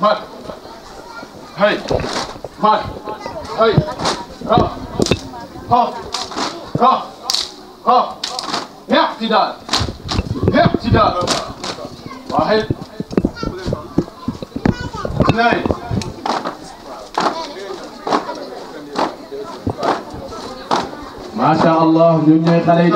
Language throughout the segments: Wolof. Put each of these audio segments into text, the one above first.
Mark. Hey. Mark. Hey. Ra. Ha. Ra. Ha. اعتدال. اعتدال. واحد. اثنين. ما شاء الله دنيا خليل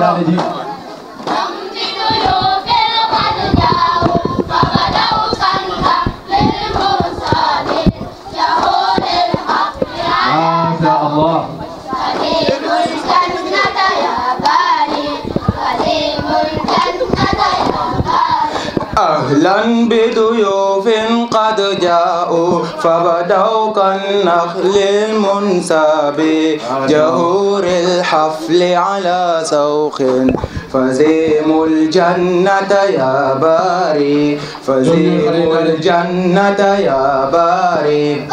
نخلا بضيوف قد جاءوا فبدوا كالنخل المنساب جهور الحفل على سوخ فزيموا الجنة يا باري فزيموا الجنة يا باري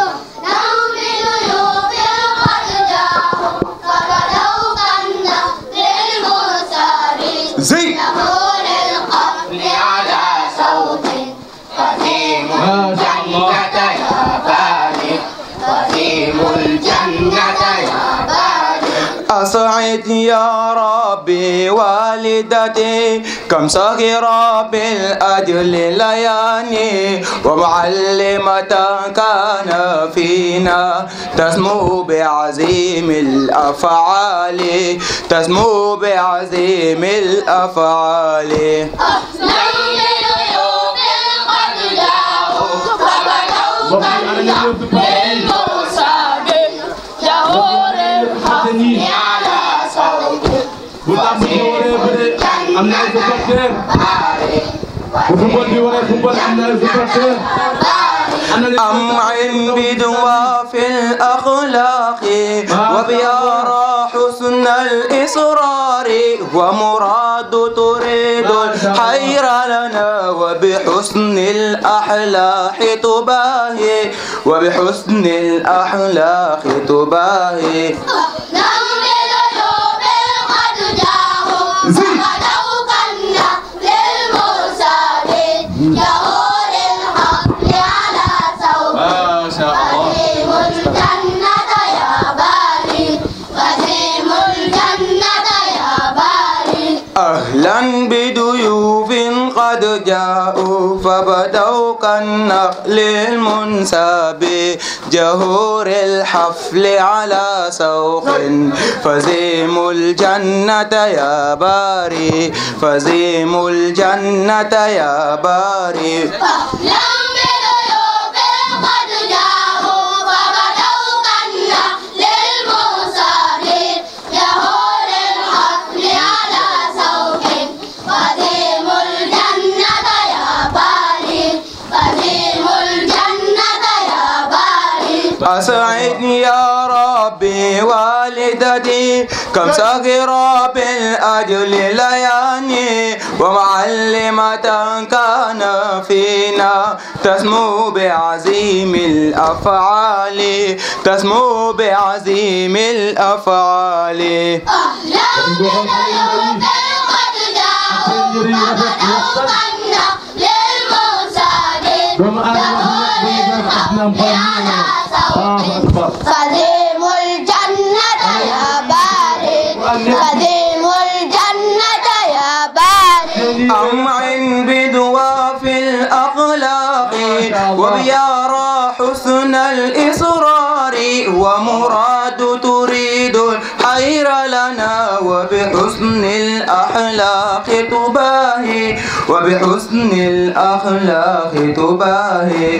يا ربي والدتي كم صغير بالأجل لياني ومعلمة كان فينا تسمو بعزيم الأفعال تسمو بعزيم الأفعال Yeah. supporter bu football bi waree football am na supporter أم عبد وفي الأخلاق وبيرى حسن الإصرار ومراد تريد الخير لنا وبحسن الأحلاق تباهي وبحسن الأحلاق تباهي نؤمن قد جاءهم جاءوا فبدوا كالنخل المنساب جهور الحفل على سوق فزيموا الجنة يا باري فزيموا الجنة يا باري وسعدني يا ربي والدتي كم صغيرة بالأجل لياني ومعلمة كان فينا تسمو بعزيم الأفعال تسمو بعزيم الأفعال أهلا قد جاءوا للمرسلين الله أكبر قديم الجنة يا بارد قديم الجنة يا بارد أمعن بدواف الأخلاق وبيرى حسن الإصرار ومراد تريد الخير لنا وبحسن الأخلاق تباهي وبحسن الأخلاق تباهي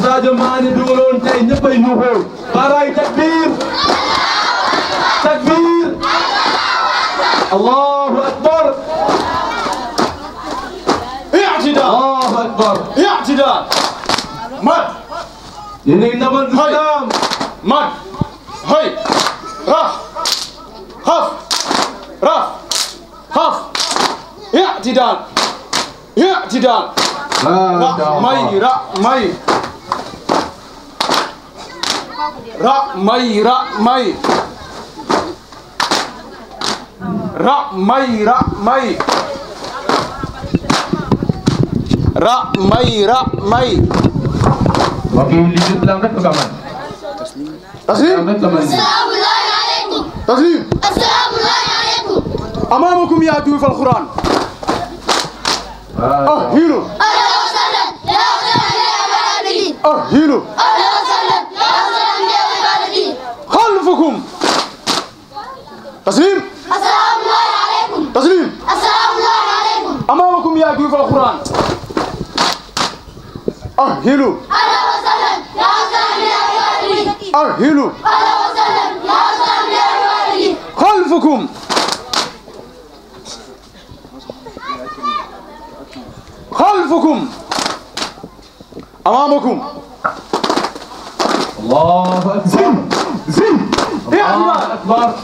Sadio Mané dugaloon tey ñëppay ñu xool baaraay takbir takbir allahu akbar i'tidal allahu akbar i'tidal mat yéen ndamal lislaam mat hoy raf xaf raf xaf i'tidal i'tidal ra may ra may ra may ra may ra may ra may ra may ra may mbokk yi lii islam rek la ko mën taslim asalaamaaleykum taslim asalaamaaleykum amaamakum yaa duuf alquran ah hiiru ah hiiru تسليم السلام الله عليكم تسليم السلام الله عليكم أمامكم يا ضيوف القرآن أهلوا أهلا وسهلا يا وسهلا يا والدي أهلوا أهلا وسهلا يا وسهلا يا والدي خلفكم خلفكم أمامكم الله أكبر زين زين يا الله أكبر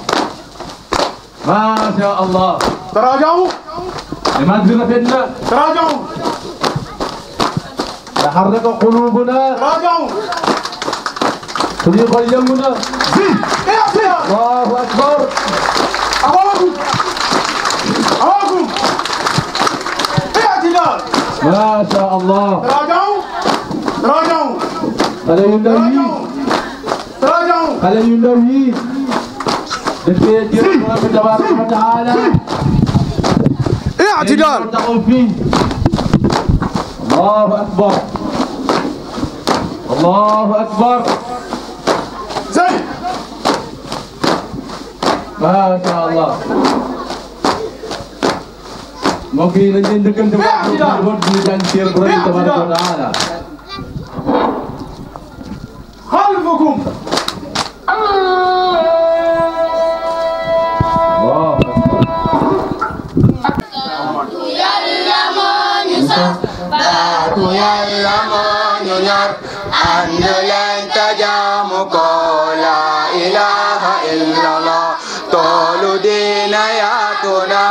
macha allah. taraajaw. iman bi rafet na. taraajaw. taharraka qulubuna. taraajaw. suñuy xol yëngu na. si. allahu akbar. awaakum. awaakum. macha allah. taraajaw. taraajaw. xale yu ndaw yi. taraajaw. xale yu ndaw yi. السيد ربنا تبارك وتعالى اعتدال الله اكبر الله اكبر زي ما شاء الله ممكن نجي نكمل اعتدال رزقا لا إله إلا الله toolu diina yaatu na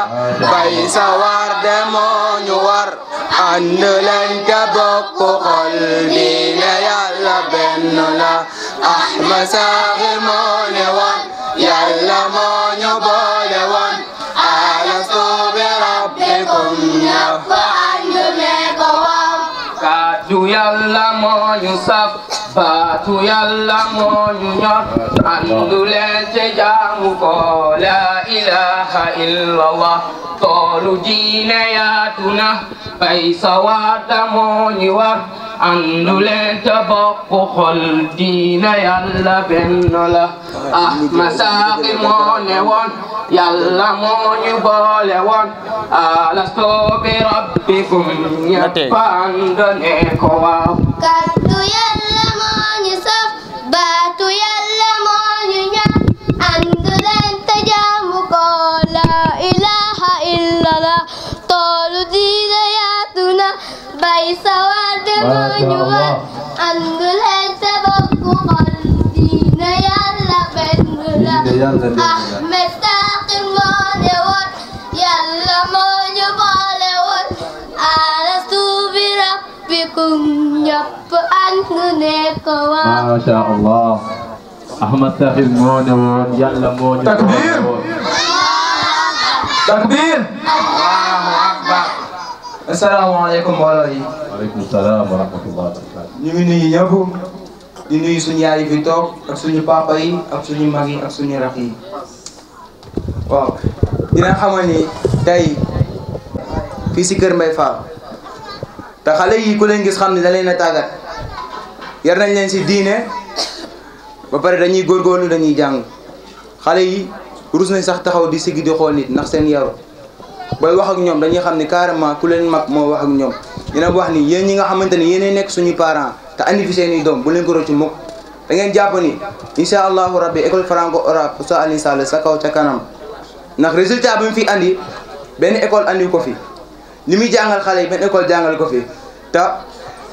bay sawar de moo ñu war ànd leen te bokk xol diina yàlla benn la ahma saaxi moo ne woon yàlla moo ñu boole woon alastu bi rabbikum ñëpp ànd ne ko waaw kàddu yàlla moo ñu saf baatu yàlla moo ñu andu leen te jaamu la ilaha illallah toolu diine yaatu na bay sawaada moo ñu andu leen te bokk xol diine yàlla benn la ah masaaki moo ne woon yàlla moo ñu boole woon bi rabbikum ñëpp ànd yàlla ah, na mustaqim moo ne woon yàlla moo ñu boole woon alastu bi rabbikum ñëpp ànd ne ko waaw ma sha Allah Ahmad Sakhir moo ne woon yàlla moo ñu takbir takbir Allahu akbar asalaamaaleykum mbooloo yi waaleykum salaam wa rahmatullah ñu ngi nuyu ñëpp di nuyu suñu yaay yi fi toog ak suñu papa yi ak suñu mag yi ak suñu rakk yi waaw dina xamal nii tey fii si Kër mbay Fall te xale yi ku leen gis xam ni da a tàggat yar nañ leen si diine ba pare dañuy góorgóorlu dañuy jàng xale yi rus nañ sax taxaw di siggi di xool nit ndax seen yaru booy wax ak ñoom dañuy xam ne carrément ku leen mag moo wax ak ñoom dina wax ni yéen ñi nga xamante ni yéenay nekk suñu parents te andi fi seeni doom bu leen ko rocc mukk da ngeen jàppale ni incha allahu rabbi école franco arabe sa kaw ca kanam ndax résultat bi mu fi andi benn école andi ko fi li muy jàngal xale yi benn école jàngal ko fi te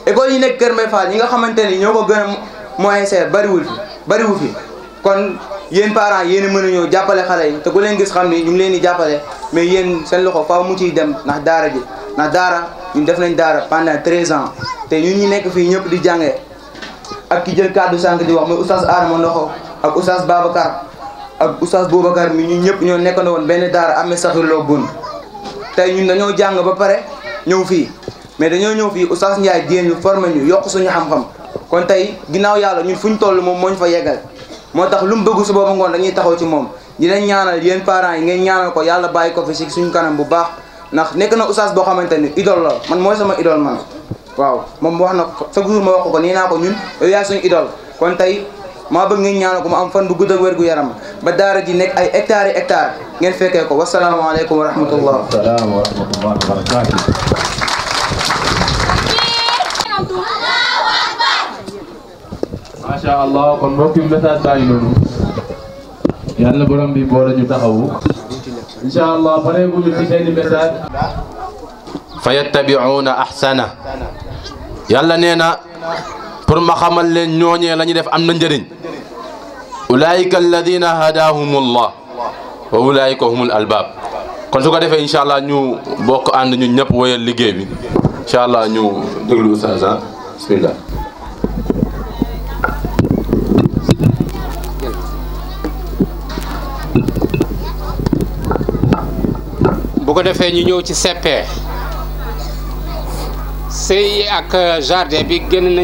école yi nekk Kër may Fall ñi nga xamante ni ñoo ko gën a moyen seer bariwul fi bariwul fi kon yéen parents yéen a mën a ñëw jàppale xale yi te ku leen gis xam ni ñu ngi leen di jàppale mais yéen seen loxo faaw mu ciy dem ndax daara ji ndax daara. ñu def nañ daara pendant treize ans te ñu ñu nekk fii ñëpp di jànge ak ki jël kàddu sànq di wax mooy oustaz Adama Ndoxo ak oustaz Babacar ak oustaz Boubacar mi ñun ñëpp ñoo nekkandoo woon benn daara amee saxirloo bun tey ñun dañoo jàng ba pare ñëw fii mais dañoo ñëw fii oustaz Ndiaye jéem ñu formé ñu yokk suñu xam-xam kon tey ginnaaw yàlla ñu fu ñu toll moom moo fa yeggal moo tax lu mu bëgg su booba ngoon dañuy taxaw ci moom di leen ñaanal yéen parents yi ngeen ñaanal ko yàlla bàyyi ko fi si suñu kanam bu baax ndax nekk na oustaz boo xamante ni idole man mooy sama idole man waaw moom wax na chaque jour ma wax ko nii ko ñun yow yaay suñu idole kon tey maa bëgg ngeen ñaanal ko mu am fan bu gudd ak gu yaram ba daara ji nekk ay hectares yi hectares ngeen fekkee ko wasalaamaaleykum wa rahmatullah. salaam ma rahmatullah wa barakaatu. macha allah kon mbokk yi message baa noonu. yàlla borom bi boole ñu taxawu. incha allah pareeguñu ci seeni message fa yattabiuuna ahsana yàlla nee na pour ma xamal leen ñooñee la ñu def am na njëriñ ulaayika alladina hadahumullah wa ulaayika humul albaab kon su ko defee incha allah ñu bokk ànd ñun ñëpp wéyal liggéey bi incha allah ñu déglu ustaas ah. bismillah bu ko defee ñu ñëw ci CP sëy ak jardin bi génn nañ